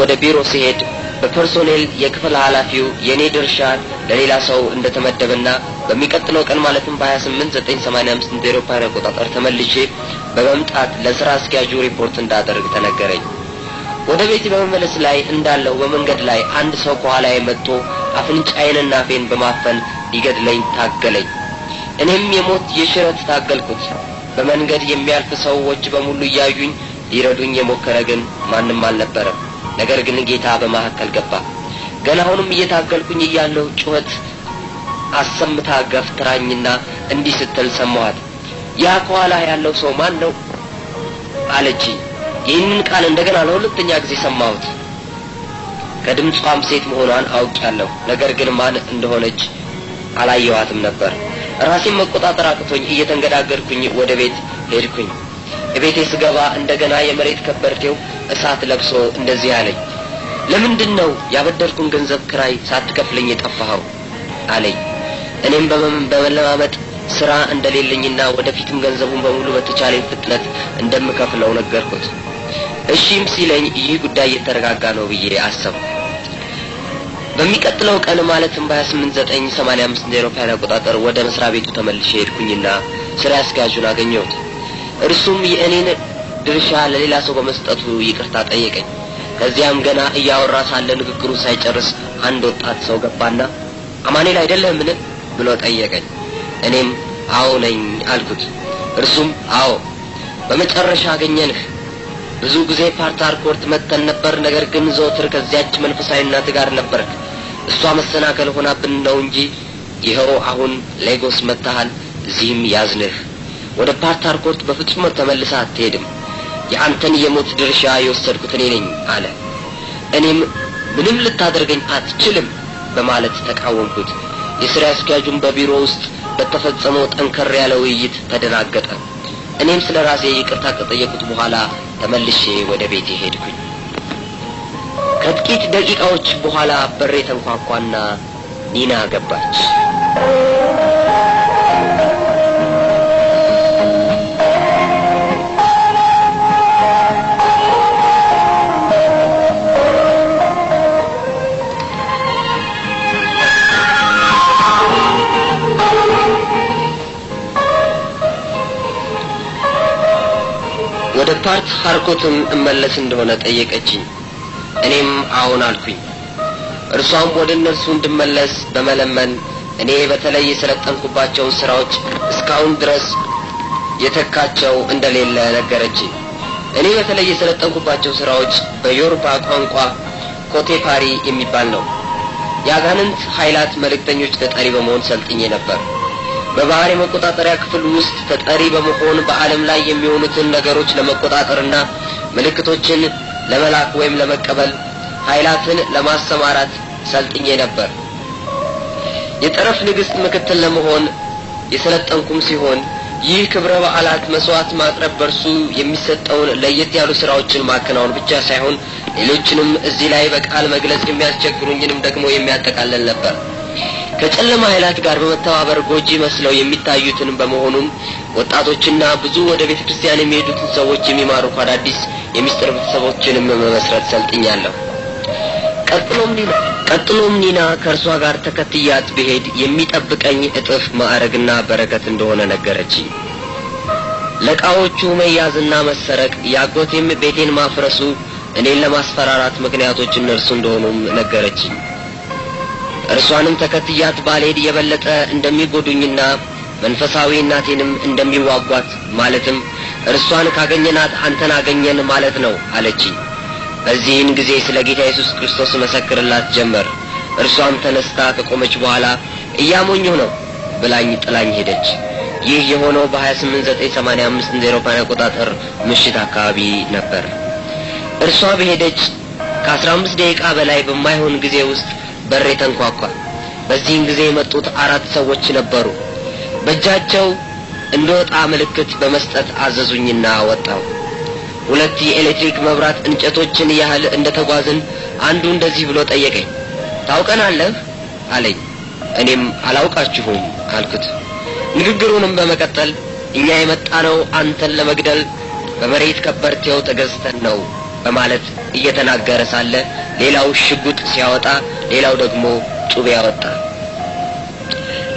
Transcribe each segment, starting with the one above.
ወደ ቢሮ ሲሄድ በፐርሶኔል የክፍል ኃላፊው የእኔ ድርሻ ለሌላ ሰው እንደተመደበና በሚቀጥለው ቀን ማለትም በ 28 985 85 እንደ ኤሮፓውያን አቆጣጠር ተመልሼ በመምጣት ለስራ አስኪያጁ ሪፖርት እንዳደርግ ተነገረኝ። ወደ ቤት በመመለስ ላይ እንዳለው በመንገድ ላይ አንድ ሰው ከኋላ መጥቶ አፍንጫዬንና አፌን በማፈን ሊገድለኝ ታገለኝ። እኔም የሞት የሽረት ታገልኩት። በመንገድ የሚያልፍ ሰዎች በሙሉ እያዩኝ ሊረዱኝ የሞከረ ግን ማንም አልነበረም። ነገር ግን ጌታ በመካከል ገባ። ገና አሁንም እየታገልኩኝ እያለሁ ጩኸት አሰምታ ገፍትራኝና እንዲህ ስትል ሰማኋት። ያ ከኋላ ያለው ሰው ማን ነው አለችኝ። ይህንን ቃል እንደገና ለሁለተኛ ጊዜ ሰማሁት። ከድምጿም ሴት መሆኗን አውቄያለሁ። ነገር ግን ማን እንደሆነች አላየዋትም ነበር። ራሴን መቆጣጠር አቅቶኝ እየተንገዳገድኩኝ ወደ ቤት ሄድኩኝ። ቤቴ ስገባ እንደገና የመሬት ከበርቴው እሳት ለብሶ እንደዚህ አለኝ፣ ለምንድን ነው ያበደርኩን ገንዘብ ክራይ ሳትከፍለኝ የጠፋኸው አለኝ። እኔም በመለማመጥ ስራ እንደሌለኝና ወደፊትም ገንዘቡን በሙሉ በተቻለኝ ፍጥነት እንደምከፍለው ነገርኩት። እሺም ሲለኝ ይህ ጉዳይ እየተረጋጋ ነው ብዬ አሰብኩ። በሚቀጥለው ቀን ማለትም በ 28 አውሮፓውያን አቆጣጠር ወደ መስሪያ ቤቱ ተመልሼ ሄድኩኝና ስራ አስኪያጁን አገኘሁት። እርሱም የእኔን ድርሻ ለሌላ ሰው በመስጠቱ ይቅርታ ጠየቀኝ። ከዚያም ገና እያወራ ሳለ ንግግሩ ሳይጨርስ አንድ ወጣት ሰው ገባና አማኔል አይደለህምን ብሎ ጠየቀኝ። እኔም አዎ ነኝ አልኩት። እርሱም አዎ በመጨረሻ አገኘንህ። ብዙ ጊዜ አርኮርት መጥተን ነበር፣ ነገር ግን ዘወትር ከዚያች መንፈሳዊ እናት ጋር ነበርክ። እሷ መሰናከል ሆናብን ነው እንጂ ይኸው አሁን ሌጎስ መጥተሃል። እዚህም ያዝንህ። ወደ አርኮርት በፍጹም ተመልሰህ አትሄድም። የአንተን የሞት ድርሻ የወሰድኩት እኔ ነኝ አለ። እኔም ምንም ልታደርገኝ አትችልም በማለት ተቃወምኩት። የሥራ አስኪያጁን በቢሮ ውስጥ በተፈጸመው ጠንከር ያለ ውይይት ተደናገጠ። እኔም ስለ ራሴ ይቅርታ ከጠየቁት በኋላ ተመልሼ ወደ ቤቴ ሄድኩኝ። ከጥቂት ደቂቃዎች በኋላ በሬ ተንኳኳና ኒና ገባች። ፓርት ሀርኮትም እመለስ እንደሆነ ጠየቀችኝ። እኔም አሁን አልኩኝ። እርሷም ወደ እነርሱ እንድመለስ በመለመን እኔ በተለይ የሰለጠንኩባቸውን ስራዎች እስካሁን ድረስ የተካቸው እንደሌለ ነገረችኝ። እኔ በተለይ የሰለጠንኩባቸው ስራዎች በዮርባ ቋንቋ ኮቴፓሪ የሚባል ነው። የአጋንንት ኃይላት መልእክተኞች ገጣሪ በመሆን ሰልጥኜ ነበር። በባህሪ መቆጣጠሪያ ክፍል ውስጥ ተጠሪ በመሆን በዓለም ላይ የሚሆኑትን ነገሮች ለመቆጣጠርና ምልክቶችን ለመላክ ወይም ለመቀበል ኃይላትን ለማሰማራት ሰልጥኜ ነበር። የጠረፍ ንግሥት ምክትል ለመሆን የሰለጠንኩም ሲሆን ይህ ክብረ በዓላት መስዋዕት ማቅረብ በርሱ የሚሰጠውን ለየት ያሉ ስራዎችን ማከናወን ብቻ ሳይሆን ሌሎችንም እዚህ ላይ በቃል መግለጽ የሚያስቸግሩኝንም ደግሞ የሚያጠቃልል ነበር። ከጨለማ ኃይላት ጋር በመተባበር ጎጂ መስለው የሚታዩትን በመሆኑም ወጣቶችና ብዙ ወደ ቤተ ክርስቲያን የሚሄዱትን ሰዎች የሚማርኩ አዳዲስ የሚስጥር ቤተሰቦችንም መመስረት ሰልጥኛለሁ። ቀጥሎም ኒና ከእርሷ ጋር ተከትያት ብሄድ የሚጠብቀኝ እጥፍ ማዕረግና በረከት እንደሆነ ነገረች። ለቃዎቹ መያዝና መሰረቅ ያጎቴም ቤቴን ማፍረሱ እኔን ለማስፈራራት ምክንያቶች እነርሱ እንደሆኑም ነገረችኝ። እርሷንም ተከትያት ባልሄድ የበለጠ እንደሚጎዱኝና መንፈሳዊ እናቴንም እንደሚዋጓት ማለትም እርሷን ካገኘናት አንተን አገኘን ማለት ነው አለችኝ። በዚህን ጊዜ ስለ ጌታ ኢየሱስ ክርስቶስ መሰክርላት ጀመር። እርሷም ተነስታ ከቆመች በኋላ እያሞኘሁ ነው ብላኝ ጥላኝ ሄደች። ይህ የሆነው በ ስምንት ዘጠኝ እንደ ኤሮፓን አቆጣጠር ምሽት አካባቢ ነበር። እርሷ በሄደች ከአስራ አምስት ደቂቃ በላይ በማይሆን ጊዜ ውስጥ በር ተንኳኳ። በዚህም ጊዜ የመጡት አራት ሰዎች ነበሩ። በእጃቸው እንደወጣ ምልክት በመስጠት አዘዙኝና ወጣው። ሁለት የኤሌክትሪክ መብራት እንጨቶችን ያህል እንደ ተጓዝን አንዱ እንደዚህ ብሎ ጠየቀኝ። ታውቀናለህ አለኝ። እኔም አላውቃችሁም አልኩት። ንግግሩንም በመቀጠል እኛ የመጣነው አንተን ለመግደል በመሬት ከበርቴው ተገዝተን ነው በማለት እየተናገረ ሳለ ሌላው ሽጉጥ ሲያወጣ፣ ሌላው ደግሞ ጡብ ያወጣ።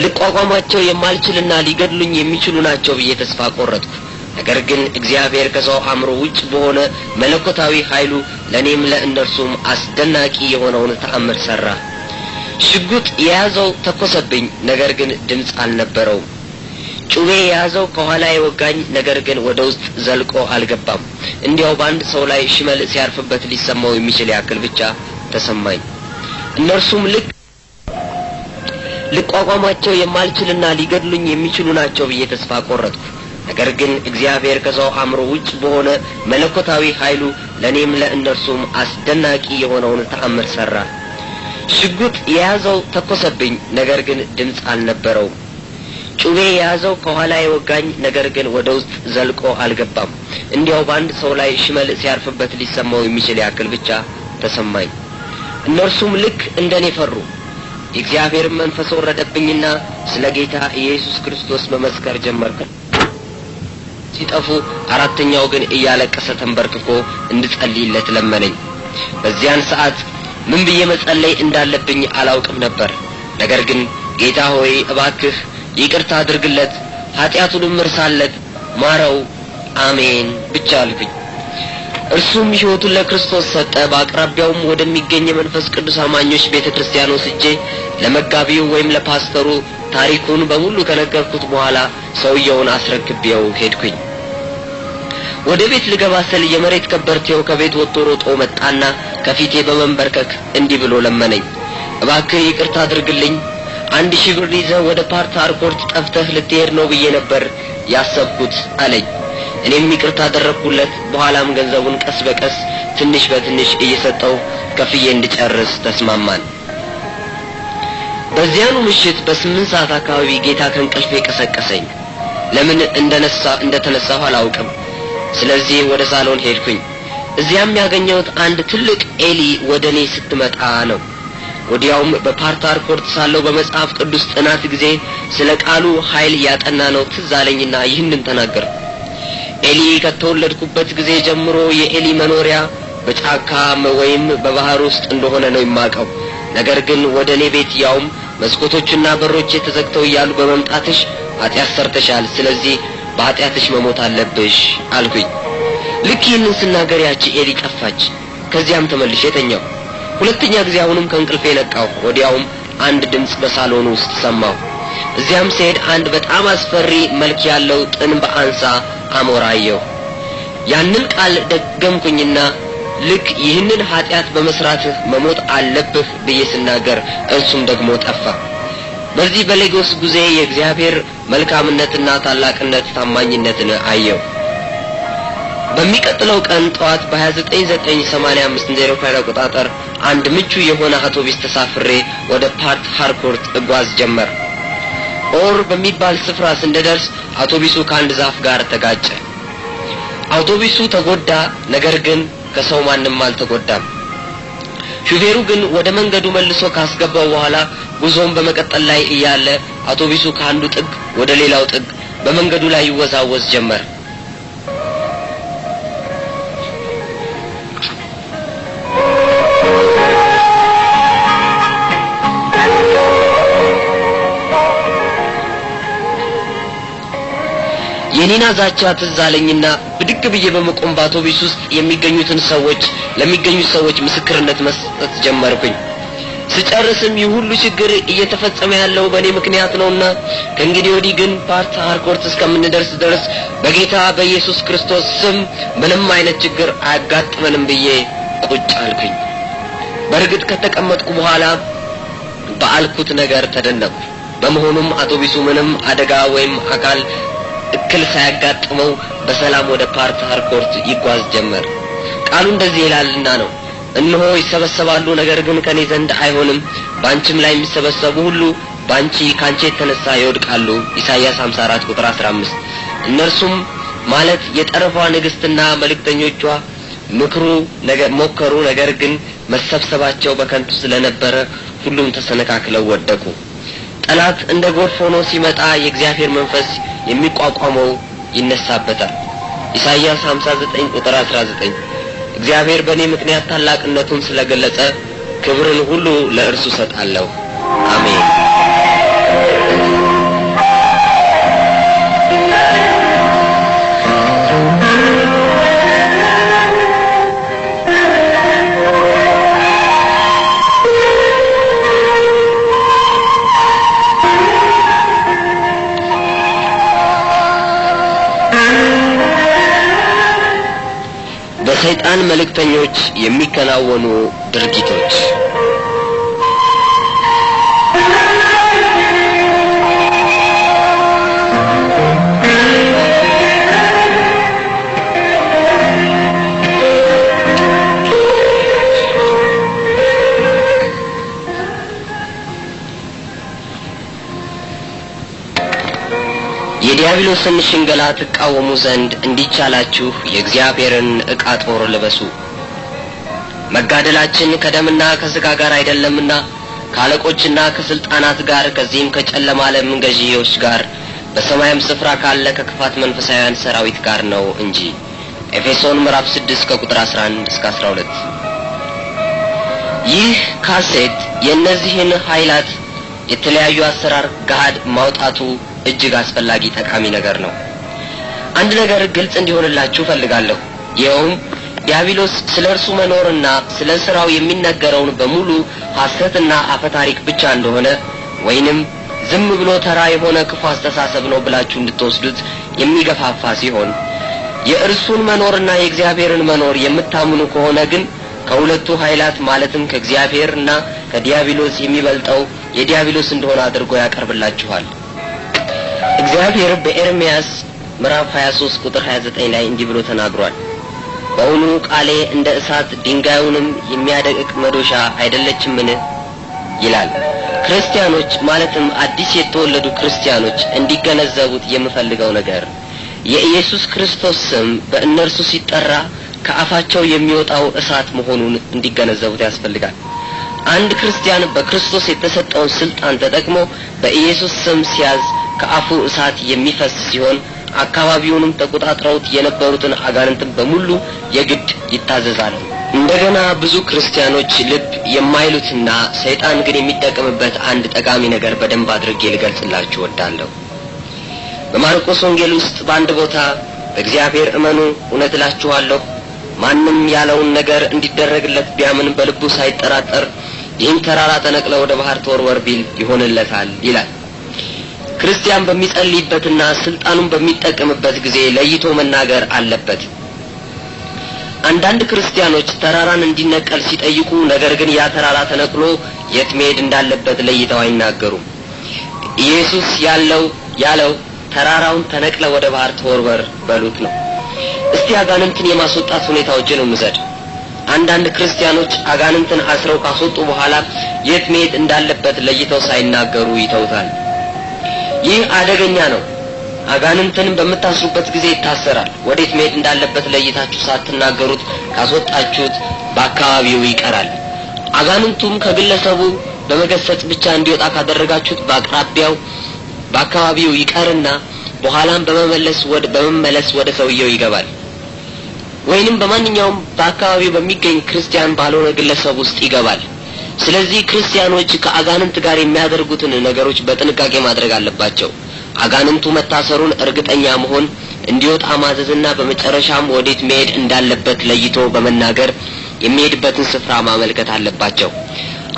ልቋቋማቸው የማልችልና ሊገድሉኝ የሚችሉ ናቸው ብዬ ተስፋ ቆረጥኩ። ነገር ግን እግዚአብሔር ከሰው አእምሮ ውጭ በሆነ መለኮታዊ ኃይሉ ለእኔም ለእነርሱም አስደናቂ የሆነውን ተአምር ሠራ። ሽጉጥ የያዘው ተኮሰብኝ፣ ነገር ግን ድምፅ አልነበረውም። ጩቤ የያዘው ከኋላ የወጋኝ ነገር ግን ወደ ውስጥ ዘልቆ አልገባም። እንዲያው በአንድ ሰው ላይ ሽመል ሲያርፍበት ሊሰማው የሚችል ያክል ብቻ ተሰማኝ። እነርሱም ልክ ልቋቋማቸው የማልችልና ሊገድሉኝ የሚችሉ ናቸው ብዬ ተስፋ ቆረጥኩ። ነገር ግን እግዚአብሔር ከሰው አእምሮ ውጭ በሆነ መለኮታዊ ኃይሉ ለእኔም ለእነርሱም አስደናቂ የሆነውን ተአምር ሠራ። ሽጉጥ የያዘው ተኮሰብኝ፣ ነገር ግን ድምፅ አልነበረውም። ጩቤ የያዘው ከኋላ የወጋኝ ነገር ግን ወደ ውስጥ ዘልቆ አልገባም። እንዲያው በአንድ ሰው ላይ ሽመል ሲያርፍበት ሊሰማው የሚችል ያክል ብቻ ተሰማኝ። እነርሱም ልክ እንደ እኔ ፈሩ። የእግዚአብሔርን መንፈስ ወረደብኝና ስለ ጌታ ኢየሱስ ክርስቶስ መመስከር ጀመርኩ። ሲጠፉ አራተኛው ግን እያለቀሰ ተንበርክኮ እንድጸልይለት ለመነኝ። በዚያን ሰዓት ምን ብዬ መጸለይ እንዳለብኝ አላውቅም ነበር። ነገር ግን ጌታ ሆይ እባክህ ይቅርታ አድርግለት፣ ኃጢአቱንም እርሳለት፣ ማረው፣ አሜን ብቻ አልኩኝ። እርሱም ሕይወቱን ለክርስቶስ ሰጠ። በአቅራቢያውም ወደሚገኝ የመንፈስ ቅዱስ አማኞች ቤተ ክርስቲያን ወስጄ ለመጋቢው ወይም ለፓስተሩ ታሪኩን በሙሉ ከነገርኩት በኋላ ሰውየውን አስረክቤው ሄድኩኝ። ወደ ቤት ልገባ ስል የመሬት ከበርቴው ከቤት ወጥቶ ሮጦ መጣና ከፊቴ በመንበርከክ እንዲህ ብሎ ለመነኝ፣ እባክህ ይቅርታ አድርግልኝ አንድ ሺህ ብር ይዘህ ወደ ፓርት አርኮርት ጠፍተህ ልትሄድ ነው ብዬ ነበር ያሰብኩት አለኝ። እኔም ይቅርታ አደረግኩለት። በኋላም ገንዘቡን ቀስ በቀስ ትንሽ በትንሽ እየሰጠው ከፍዬ እንድጨርስ ተስማማን። በዚያኑ ምሽት በስምንት ሰዓት አካባቢ ጌታ ከእንቅልፌ ቀሰቀሰኝ። ለምን እንደነሳ እንደተነሳሁ አላውቅም። ስለዚህ ወደ ሳሎን ሄድኩኝ። እዚያም ያገኘሁት አንድ ትልቅ ኤሊ ወደ እኔ ስትመጣ ነው። ወዲያውም በፓርታርኮርት ሳለው በመጽሐፍ ቅዱስ ጥናት ጊዜ ስለ ቃሉ ኃይል ያጠና ነው ትዝ አለኝና ይህንን ተናገር። ኤሊ ከተወለድኩበት ጊዜ ጀምሮ የኤሊ መኖሪያ በጫካ ወይም በባህር ውስጥ እንደሆነ ነው የማውቀው። ነገር ግን ወደ እኔ ቤት ያውም መስኮቶችና በሮች ተዘግተው እያሉ በመምጣትሽ ኃጢአት ሰርተሻል፣ ስለዚህ በኃጢአትሽ መሞት አለብሽ አልኩኝ። ልክ ይህንን ስናገር ያቺ ኤሊ ጠፋች። ከዚያም ተመልሼ ተኛው። ሁለተኛ ጊዜ አሁንም ከእንቅልፌ ነቃሁ። ወዲያውም አንድ ድምፅ በሳሎን ውስጥ ሰማሁ። እዚያም ስሄድ አንድ በጣም አስፈሪ መልክ ያለው ጥንብ አንሳ አሞራ አየሁ። ያንን ቃል ደገምኩኝና ልክ ይህንን ኃጢአት በመስራትህ መሞት አለብህ ብዬ ስናገር እርሱም ደግሞ ጠፋ። በዚህ በሌጎስ ጉዜ የእግዚአብሔር መልካምነትና ታላቅነት ታማኝነትን አየሁ። በሚቀጥለው ቀን ጠዋት በ29985 እንደ ኤሮፓውያን አቆጣጠር አንድ ምቹ የሆነ አውቶቡስ ተሳፍሬ ወደ ፓርት ሃርኮርት እጓዝ ጀመር። ኦር በሚባል ስፍራ ስንደርስ አውቶቡሱ ከአንድ ዛፍ ጋር ተጋጨ። አውቶቡሱ ተጎዳ፣ ነገር ግን ከሰው ማንም አልተጎዳም። ሹፌሩ ግን ወደ መንገዱ መልሶ ካስገባው በኋላ ጉዞውን በመቀጠል ላይ እያለ አውቶቡሱ ከአንዱ ጥግ ወደ ሌላው ጥግ በመንገዱ ላይ ይወዛወዝ ጀመር። የኔና ዛቻ ትዝ አለኝና ብድግ ብዬ በመቆም ውስጥ የሚገኙትን ሰዎች ለሚገኙት ሰዎች ምስክርነት መስጠት ጀመርኩኝ። ስጨርስም ይህ ሁሉ ችግር እየተፈጸመ ያለው በእኔ ምክንያት ነውና ከእንግዲህ ወዲህ ግን ፓርት ሃርኮርት እስከምንደርስ ድረስ በጌታ በኢየሱስ ክርስቶስ ስም ምንም አይነት ችግር አያጋጥመንም ብዬ ቁጭ አልኩኝ። በእርግጥ ከተቀመጥኩ በኋላ በአልኩት ነገር ተደነቅኩ። በመሆኑም አውቶቡሱ ምንም አደጋ ወይም አካል እክል ሳያጋጥመው በሰላም ወደ ፓርት ሃርኮርት ይጓዝ ጀመር። ቃሉ እንደዚህ ይላልና ነው እነሆ ይሰበሰባሉ፣ ነገር ግን ከኔ ዘንድ አይሆንም፣ በአንቺም ላይ የሚሰበሰቡ ሁሉ ባንቺ ካንቺ የተነሳ ይወድቃሉ። ኢሳይያስ 54 ቁጥር 15 እነርሱም ማለት የጠረፏ ንግስትና መልእክተኞቿ ምክሩ ነገር ሞከሩ፣ ነገር ግን መሰብሰባቸው በከንቱ ስለነበረ ሁሉም ተሰነካክለው ወደቁ። ጠላት እንደ ጎርፍ ሆኖ ሲመጣ የእግዚአብሔር መንፈስ የሚቋቋመው ይነሳበታል። ኢሳይያስ 59 ቁጥር 19 እግዚአብሔር በእኔ ምክንያት ታላቅነቱን ስለገለጸ ክብርን ሁሉ ለእርሱ ሰጣለሁ። አሜን። በሰይጣን መልእክተኞች የሚከናወኑ ድርጊቶች የዲያብሎስን ሽንገላ ትቃወሙ ዘንድ እንዲቻላችሁ የእግዚአብሔርን ዕቃ ጦር ልበሱ። መጋደላችን ከደምና ከሥጋ ጋር አይደለምና ከአለቆችና ከሥልጣናት ጋር ከዚህም ከጨለማ ዓለም ገዢዎች ጋር በሰማይም ስፍራ ካለ ከክፋት መንፈሳውያን ሰራዊት ጋር ነው እንጂ። ኤፌሶን ምዕራፍ 6 ከቁጥር 11 እስከ 12። ይህ ካሴት የእነዚህን ኃይላት የተለያዩ አሰራር ጋድ ማውጣቱ እጅግ አስፈላጊ ጠቃሚ ነገር ነው። አንድ ነገር ግልጽ እንዲሆንላችሁ ፈልጋለሁ። ይኸውም ዲያብሎስ ስለ እርሱ መኖርና ስለ ስራው የሚነገረውን በሙሉ ሐሰትና አፈታሪክ ብቻ እንደሆነ ወይንም ዝም ብሎ ተራ የሆነ ክፉ አስተሳሰብ ነው ብላችሁ እንድትወስዱት የሚገፋፋ ሲሆን የእርሱን መኖርና የእግዚአብሔርን መኖር የምታምኑ ከሆነ ግን ከሁለቱ ኃይላት ማለትም ከእግዚአብሔርና ከዲያብሎስ የሚበልጠው የዲያብሎስ እንደሆነ አድርጎ ያቀርብላችኋል። እግዚአብሔር በኤርምያስ ምዕራፍ 23 ቁጥር 29 ላይ እንዲህ ብሎ ተናግሯል። በውኑ ቃሌ እንደ እሳት ድንጋዩንም የሚያደቅቅ መዶሻ አይደለችምን? ይላል። ክርስቲያኖች ማለትም አዲስ የተወለዱ ክርስቲያኖች እንዲገነዘቡት የምፈልገው ነገር የኢየሱስ ክርስቶስ ስም በእነርሱ ሲጠራ ከአፋቸው የሚወጣው እሳት መሆኑን እንዲገነዘቡት ያስፈልጋል። አንድ ክርስቲያን በክርስቶስ የተሰጠውን ስልጣን ተጠቅሞ በኢየሱስ ስም ሲያዝ ከአፉ እሳት የሚፈስ ሲሆን አካባቢውንም ተቆጣጥረውት የነበሩትን አጋንንትን በሙሉ የግድ ይታዘዛሉ። እንደገና ብዙ ክርስቲያኖች ልብ የማይሉትና ሰይጣን ግን የሚጠቀምበት አንድ ጠቃሚ ነገር በደንብ አድርጌ ልገልጽላችሁ ወዳለሁ። በማርቆስ ወንጌል ውስጥ በአንድ ቦታ በእግዚአብሔር እመኑ እውነት እላችኋለሁ ማንም ያለውን ነገር እንዲደረግለት ቢያምን በልቡ ሳይጠራጠር ይህን ተራራ ተነቅለ ወደ ባህር ተወርወር ቢል ይሆንለታል ይላል። ክርስቲያን በሚጸልይበትና ስልጣኑን በሚጠቀምበት ጊዜ ለይቶ መናገር አለበት። አንዳንድ ክርስቲያኖች ተራራን እንዲነቀል ሲጠይቁ፣ ነገር ግን ያ ተራራ ተነቅሎ የት መሄድ እንዳለበት ለይተው አይናገሩም። ኢየሱስ ያለው ያለው ተራራውን ተነቅለ ወደ ባህር ተወርወር በሉት ነው። እስቲ አጋንንትን የማስወጣት ሁኔታዎችን እንውሰድ። አንዳንድ ክርስቲያኖች አጋንንትን አስረው ካስወጡ በኋላ የት መሄድ እንዳለበት ለይተው ሳይናገሩ ይተውታል። ይህ አደገኛ ነው። አጋንንትንም በምታስሩበት ጊዜ ይታሰራል። ወዴት መሄድ እንዳለበት ለይታችሁ ሳትናገሩት ካስወጣችሁት በአካባቢው ይቀራል። አጋንንቱም ከግለሰቡ በመገሰጽ ብቻ እንዲወጣ ካደረጋችሁት በአቅራቢያው በአካባቢው ይቀርና በኋላም በመመለስ ወደ በመመለስ ወደ ሰውየው ይገባል። ወይንም በማንኛውም በአካባቢው በሚገኝ ክርስቲያን ባልሆነ ግለሰብ ውስጥ ይገባል። ስለዚህ ክርስቲያኖች ከአጋንንት ጋር የሚያደርጉትን ነገሮች በጥንቃቄ ማድረግ አለባቸው። አጋንንቱ መታሰሩን እርግጠኛ መሆን፣ እንዲወጣ ማዘዝና በመጨረሻም ወዴት መሄድ እንዳለበት ለይቶ በመናገር የሚሄድበትን ስፍራ ማመልከት አለባቸው።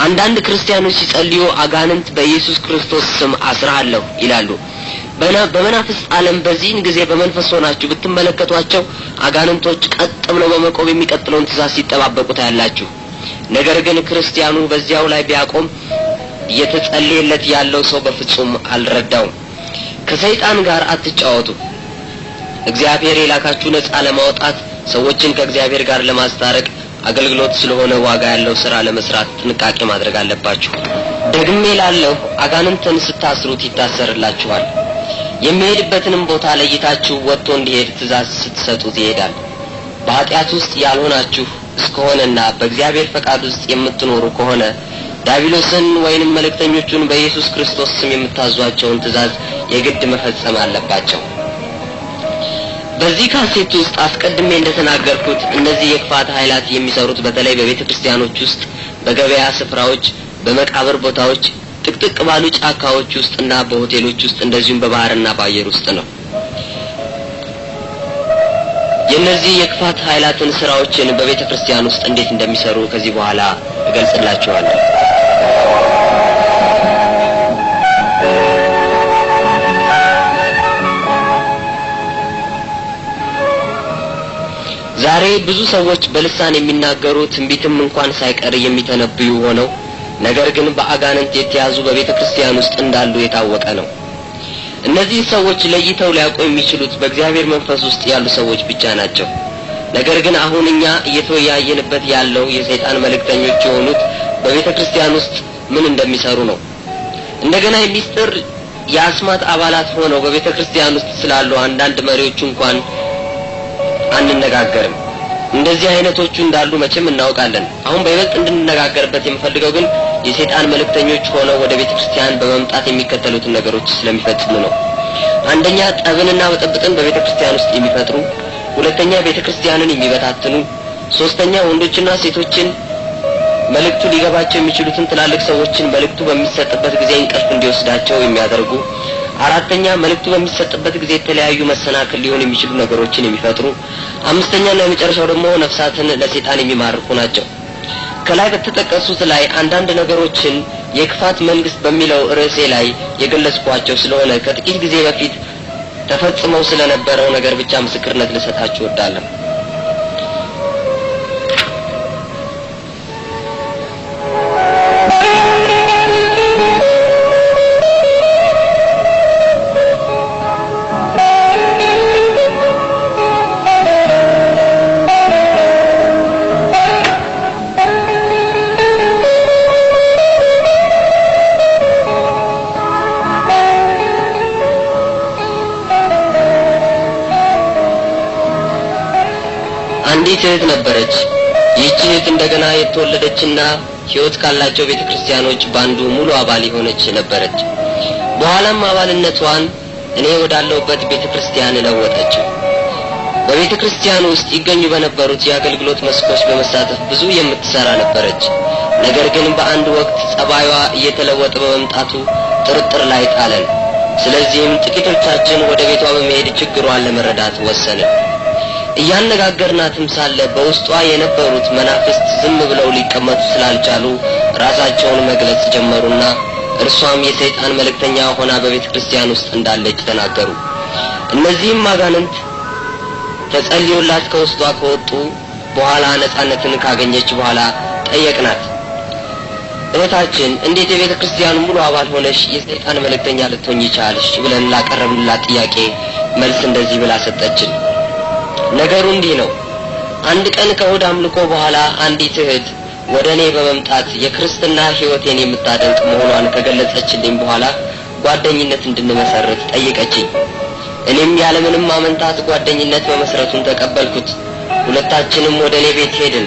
አንዳንድ ክርስቲያኖች ሲጸልዩ አጋንንት በኢየሱስ ክርስቶስ ስም አስራሃለሁ ይላሉ። በመናፍስት ዓለም በዚህን ጊዜ በመንፈስ ሆናችሁ ብትመለከቷቸው አጋንንቶች ቀጥ ብለው በመቆብ የሚቀጥለውን ትእዛዝ ሲጠባበቁ ታያላችሁ። ነገር ግን ክርስቲያኑ በዚያው ላይ ቢያቆም እየተጸለየለት ያለው ሰው በፍጹም አልረዳውም። ከሰይጣን ጋር አትጫወቱ። እግዚአብሔር የላካችሁ ነጻ ለማውጣት ሰዎችን ከእግዚአብሔር ጋር ለማስታረቅ አገልግሎት ስለሆነ ዋጋ ያለው ስራ ለመስራት ጥንቃቄ ማድረግ አለባችሁ። ደግሜ ላለሁ አጋንንትን ስታስሩት ይታሰርላችኋል። የሚሄድበትንም ቦታ ለይታችሁ ወጥቶ እንዲሄድ ትእዛዝ ስትሰጡት ይሄዳል። በኃጢአት ውስጥ ያልሆናችሁ እስከሆነና በእግዚአብሔር ፈቃድ ውስጥ የምትኖሩ ከሆነ ዳቢሎስን ወይንም መልእክተኞቹን በኢየሱስ ክርስቶስ ስም የምታዟቸውን ትእዛዝ የግድ መፈጸም አለባቸው። በዚህ ካሴት ውስጥ አስቀድሜ እንደተናገርኩት እነዚህ የክፋት ኃይላት የሚሰሩት በተለይ በቤተ ክርስቲያኖች ውስጥ፣ በገበያ ስፍራዎች፣ በመቃብር ቦታዎች፣ ጥቅጥቅ ባሉ ጫካዎች ውስጥና በሆቴሎች ውስጥ እንደዚሁም በባህርና በአየር ውስጥ ነው። የነዚህ የክፋት ኃይላትን ስራዎችን በቤተ ክርስቲያን ውስጥ እንዴት እንደሚሰሩ ከዚህ በኋላ እገልጽላችኋለሁ። ዛሬ ብዙ ሰዎች በልሳን የሚናገሩ ትንቢትም እንኳን ሳይቀር የሚተነብዩ ሆነው ነገር ግን በአጋንንት የተያዙ በቤተ ክርስቲያን ውስጥ እንዳሉ የታወቀ ነው። እነዚህ ሰዎች ለይተው ሊያውቁ የሚችሉት በእግዚአብሔር መንፈስ ውስጥ ያሉ ሰዎች ብቻ ናቸው። ነገር ግን አሁን እኛ እየተወያየንበት ያለው የሰይጣን መልእክተኞች የሆኑት በቤተ ክርስቲያን ውስጥ ምን እንደሚሰሩ ነው። እንደገና የሚስጥር የአስማት አባላት ሆነው በቤተ ክርስቲያን ውስጥ ስላሉ አንዳንድ መሪዎች እንኳን አንነጋገርም። እንደዚህ አይነቶቹ እንዳሉ መቼም እናውቃለን። አሁን በይበልጥ እንድንነጋገርበት የምፈልገው ግን የሰይጣን መልእክተኞች ሆነው ወደ ቤተ ክርስቲያን በመምጣት የሚከተሉትን ነገሮች ስለሚፈጽሙ ነው። አንደኛ፣ ጠብንና ብጥብጥን በቤተ ክርስቲያን ውስጥ የሚፈጥሩ፣ ሁለተኛ፣ ቤተ ክርስቲያንን የሚበታትኑ፣ ሶስተኛ፣ ወንዶችና ሴቶችን መልእክቱ ሊገባቸው የሚችሉትን ትላልቅ ሰዎችን መልእክቱ በሚሰጥበት ጊዜ እንቅልፍ እንዲወስዳቸው የሚያደርጉ፣ አራተኛ፣ መልእክቱ በሚሰጥበት ጊዜ የተለያዩ መሰናክል ሊሆን የሚችሉ ነገሮችን የሚፈጥሩ፣ አምስተኛና የመጨረሻው ደግሞ ነፍሳትን ለሴጣን የሚማርኩ ናቸው። ከላይ በተጠቀሱት ላይ አንዳንድ ነገሮችን የክፋት መንግስት በሚለው ርዕሴ ላይ የገለጽኳቸው ስለሆነ ከጥቂት ጊዜ በፊት ተፈጽመው ስለነበረው ነገር ብቻ ምስክርነት ልሰጣችሁ ወዳለሁ። አንዲት እህት ነበረች። ይህች እህት እንደገና የተወለደችና ሕይወት ካላቸው ቤተ ክርስቲያኖች በአንዱ ሙሉ አባል የሆነች ነበረች። በኋላም አባልነቷን እኔ ወዳለሁበት ቤተ ክርስቲያን ለወጠችው። በቤተ ክርስቲያኑ ውስጥ ይገኙ በነበሩት የአገልግሎት መስኮች በመሳተፍ ብዙ የምትሰራ ነበረች። ነገር ግን በአንድ ወቅት ጸባዩዋ እየተለወጠ በመምጣቱ ጥርጥር ላይ ጣለን። ስለዚህም ጥቂቶቻችን ወደ ቤቷ በመሄድ ችግሯን ለመረዳት ወሰንን። እያነጋገርናትም ሳለ በውስጧ የነበሩት መናፍስት ዝም ብለው ሊቀመጡ ስላልቻሉ ራሳቸውን መግለጽ ጀመሩና እርሷም የሰይጣን መልእክተኛ ሆና በቤተ ክርስቲያን ውስጥ እንዳለች ተናገሩ። እነዚህም አጋንንት ተጸልዮላት ከውስጧ ከወጡ በኋላ ነጻነትን ካገኘች በኋላ ጠየቅናት። እህታችን እንዴት የቤተ ክርስቲያኑ ሙሉ አባል ሆነሽ የሰይጣን መልእክተኛ ልትሆኝ ይቻልሽ? ብለን ላቀረብንላት ጥያቄ መልስ እንደዚህ ብላ ሰጠችን። ነገሩ እንዲህ ነው። አንድ ቀን ከእሁድ አምልኮ በኋላ አንዲት እህት ወደ እኔ በመምጣት የክርስትና ህይወቴን የምታደንቅ መሆኗን ከገለጸችልኝ በኋላ ጓደኝነት እንድንመሰርት ጠይቀችኝ። እኔም ያለምንም አመንታት ጓደኝነት መመስረቱን ተቀበልኩት። ሁለታችንም ወደ እኔ ቤት ሄድን።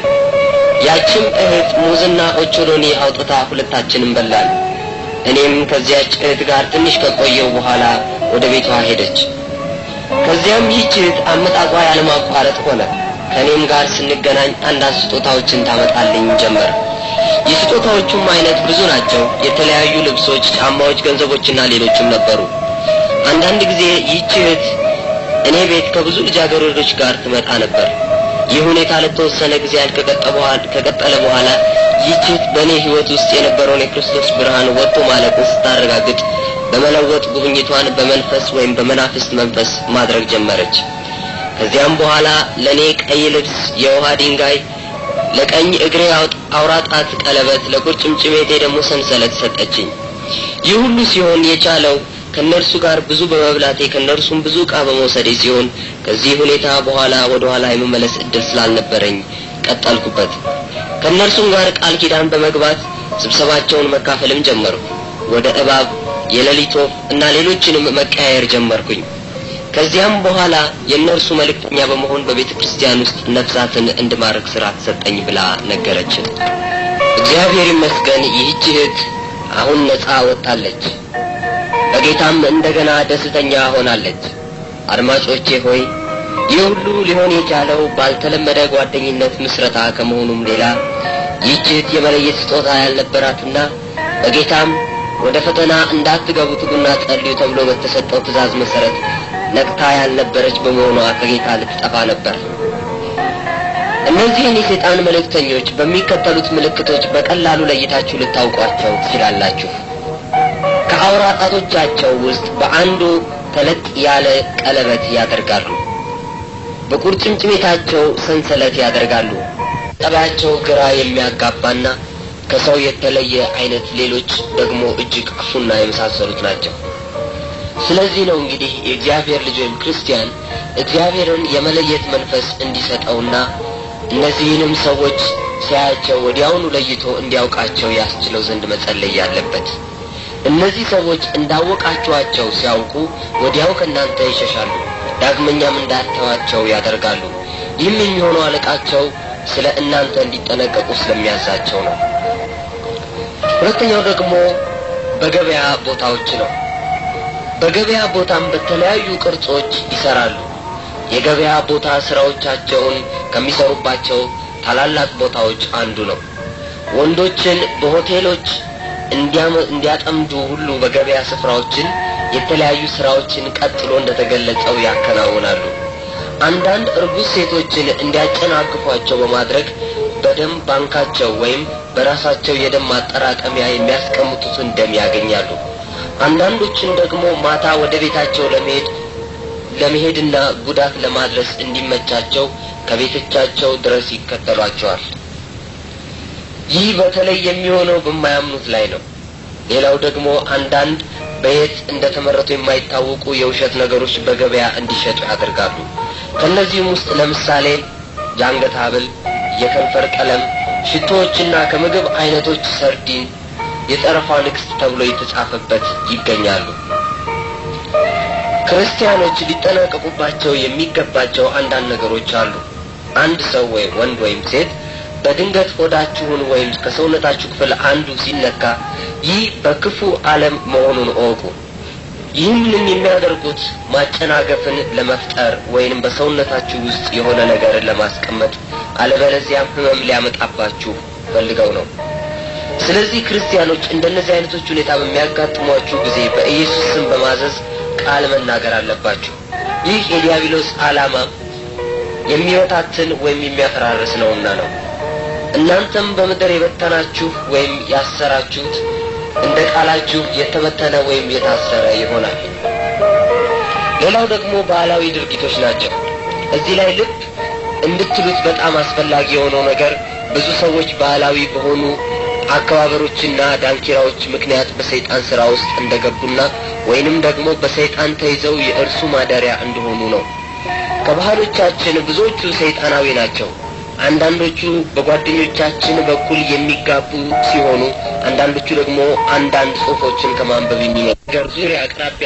ያችም እህት ሙዝና ኦቾሎኒ አውጥታ ሁለታችንም በላል እኔም ከዚያች እህት ጋር ትንሽ ከቆየው በኋላ ወደ ቤቷ ሄደች። ከዚያም ይህች እህት አመጣጧ ያለማቋረጥ ሆነ። ከእኔም ጋር ስንገናኝ አንዳንድ ስጦታዎችን ታመጣልኝ ጀመር። የስጦታዎቹም አይነት ብዙ ናቸው። የተለያዩ ልብሶች፣ ጫማዎች፣ ገንዘቦችና ሌሎችም ነበሩ። አንዳንድ ጊዜ ይህች እህት እኔ ቤት ከብዙ ልጃገረዶች ጋር ትመጣ ነበር። ይህ ሁኔታ ለተወሰነ ጊዜ ያህል ከቀጠለ በኋላ ይህች እህት በእኔ ሕይወት ውስጥ የነበረውን የክርስቶስ ብርሃን ወጥቶ ማለቁን ስታረጋግጥ በመለወጥ ጉብኝቷን በመንፈስ ወይም በመናፍስት መንፈስ ማድረግ ጀመረች። ከዚያም በኋላ ለእኔ ቀይ ልብስ፣ የውሃ ድንጋይ፣ ለቀኝ እግሬ አውራጣት ቀለበት፣ ለቁርጭምጭሜቴ ደግሞ ሰንሰለት ሰጠችኝ። ይህ ሁሉ ሲሆን የቻለው ከእነርሱ ጋር ብዙ በመብላቴ ከእነርሱም ብዙ ዕቃ በመውሰዴ ሲሆን ከዚህ ሁኔታ በኋላ ወደ ኋላ የመመለስ እድል ስላልነበረኝ ቀጠልኩበት። ከእነርሱም ጋር ቃል ኪዳን በመግባት ስብሰባቸውን መካፈልም ጀመርኩ። ወደ እባብ የሌሊት ወፍ እና ሌሎችንም መቀያየር ጀመርኩኝ። ከዚያም በኋላ የእነርሱ መልእክተኛ በመሆን በቤተ ክርስቲያን ውስጥ ነፍሳትን እንድማርክ ስራ ተሰጠኝ ብላ ነገረችን። እግዚአብሔር ይመስገን ይህች እህት አሁን ነፃ ወጥታለች። በጌታም እንደገና ደስተኛ ሆናለች። አድማጮቼ ሆይ ይህ ሁሉ ሊሆን የቻለው ባልተለመደ ጓደኝነት ምስረታ ከመሆኑም ሌላ ይህች እህት የመለየት ስጦታ ያልነበራትና በጌታም ወደ ፈተና እንዳትገቡ ትጉና ጸልዩ ተብሎ በተሰጠው ትእዛዝ መሰረት ነቅታ ያልነበረች በመሆኗ ከጌታ ልትጠፋ ነበር። እነዚህን የሰይጣን መልእክተኞች በሚከተሉት ምልክቶች በቀላሉ ለይታችሁ ልታውቋቸው ትችላላችሁ። ከአውራ ጣቶቻቸው ውስጥ በአንዱ ተለቅ ያለ ቀለበት ያደርጋሉ። በቁርጭምጭሚታቸው ሰንሰለት ያደርጋሉ። ጠባያቸው ግራ የሚያጋባና ከሰው የተለየ አይነት ሌሎች ደግሞ እጅግ ክፉና የመሳሰሉት ናቸው። ስለዚህ ነው እንግዲህ የእግዚአብሔር ልጅ ወይም ክርስቲያን እግዚአብሔርን የመለየት መንፈስ እንዲሰጠውና እነዚህንም ሰዎች ሲያያቸው ወዲያውኑ ለይቶ እንዲያውቃቸው ያስችለው ዘንድ መጸለይ ያለበት። እነዚህ ሰዎች እንዳወቃችኋቸው ሲያውቁ ወዲያው ከእናንተ ይሸሻሉ፣ ዳግመኛም እንዳተዋቸው ያደርጋሉ። ይህም የሚሆነው አለቃቸው ስለ እናንተ እንዲጠነቀቁ ስለሚያዛቸው ነው። ሁለተኛው ደግሞ በገበያ ቦታዎች ነው። በገበያ ቦታም በተለያዩ ቅርጾች ይሰራሉ። የገበያ ቦታ ስራዎቻቸውን ከሚሰሩባቸው ታላላቅ ቦታዎች አንዱ ነው። ወንዶችን በሆቴሎች እንዲያጠምዱ ሁሉ በገበያ ስፍራዎችን የተለያዩ ስራዎችን ቀጥሎ እንደተገለጸው ያከናውናሉ። አንዳንድ እርጉዝ ሴቶችን እንዲያጨናግፏቸው በማድረግ በደም ባንካቸው ወይም በራሳቸው የደም ማጠራቀሚያ የሚያስቀምጡትን ደም ያገኛሉ። አንዳንዶችን ደግሞ ማታ ወደ ቤታቸው ለመሄድ ለመሄድና ጉዳት ለማድረስ እንዲመቻቸው ከቤቶቻቸው ድረስ ይከተሏቸዋል። ይህ በተለይ የሚሆነው በማያምኑት ላይ ነው። ሌላው ደግሞ አንዳንድ በየት እንደ ተመረቱ የማይታወቁ የውሸት ነገሮች በገበያ እንዲሸጡ ያደርጋሉ። ከእነዚህም ውስጥ ለምሳሌ የአንገት ሐብል፣ የከንፈር ቀለም ሽቶዎችና ከምግብ አይነቶች ሰርዲን፣ የጠረፋ ንግስት ተብሎ የተጻፈበት ይገኛሉ። ክርስቲያኖች ሊጠናቀቁባቸው የሚገባቸው አንዳንድ ነገሮች አሉ። አንድ ሰው ወይ ወንድ ወይም ሴት በድንገት ሆዳችሁን ወይም ከሰውነታችሁ ክፍል አንዱ ሲነካ ይህ በክፉ ዓለም መሆኑን እወቁ። ይህንንም የሚያደርጉት ማጨናገፍን ለመፍጠር ወይንም በሰውነታችሁ ውስጥ የሆነ ነገርን ለማስቀመጥ አለበለዚያም ህመም ሊያመጣባችሁ ፈልገው ነው። ስለዚህ ክርስቲያኖች እንደነዚህ አይነቶች ሁኔታ በሚያጋጥሟችሁ ጊዜ በኢየሱስ ስም በማዘዝ ቃል መናገር አለባችሁ። ይህ የዲያብሎስ ዓላማ የሚበታትን ወይም የሚያፈራርስ ነውና ነው። እናንተም በምድር የበተናችሁ ወይም ያሰራችሁት እንደ ቃላችሁ የተበተነ ወይም የታሰረ ይሆናል። ሌላው ደግሞ ባህላዊ ድርጊቶች ናቸው። እዚህ ላይ ልብ እንድትሉት በጣም አስፈላጊ የሆነው ነገር ብዙ ሰዎች ባህላዊ በሆኑ አከባበሮችና ዳንኪራዎች ምክንያት በሰይጣን ስራ ውስጥ እንደገቡና ወይንም ደግሞ በሰይጣን ተይዘው የእርሱ ማደሪያ እንደሆኑ ነው። ከባህሎቻችን ብዙዎቹ ሰይጣናዊ ናቸው። አንዳንዶቹ በጓደኞቻችን በኩል የሚጋቡ ሲሆኑ፣ አንዳንዶቹ ደግሞ አንዳንድ ጽሑፎችን ከማንበብ የሚመ ዙሪያ አቅራቢያ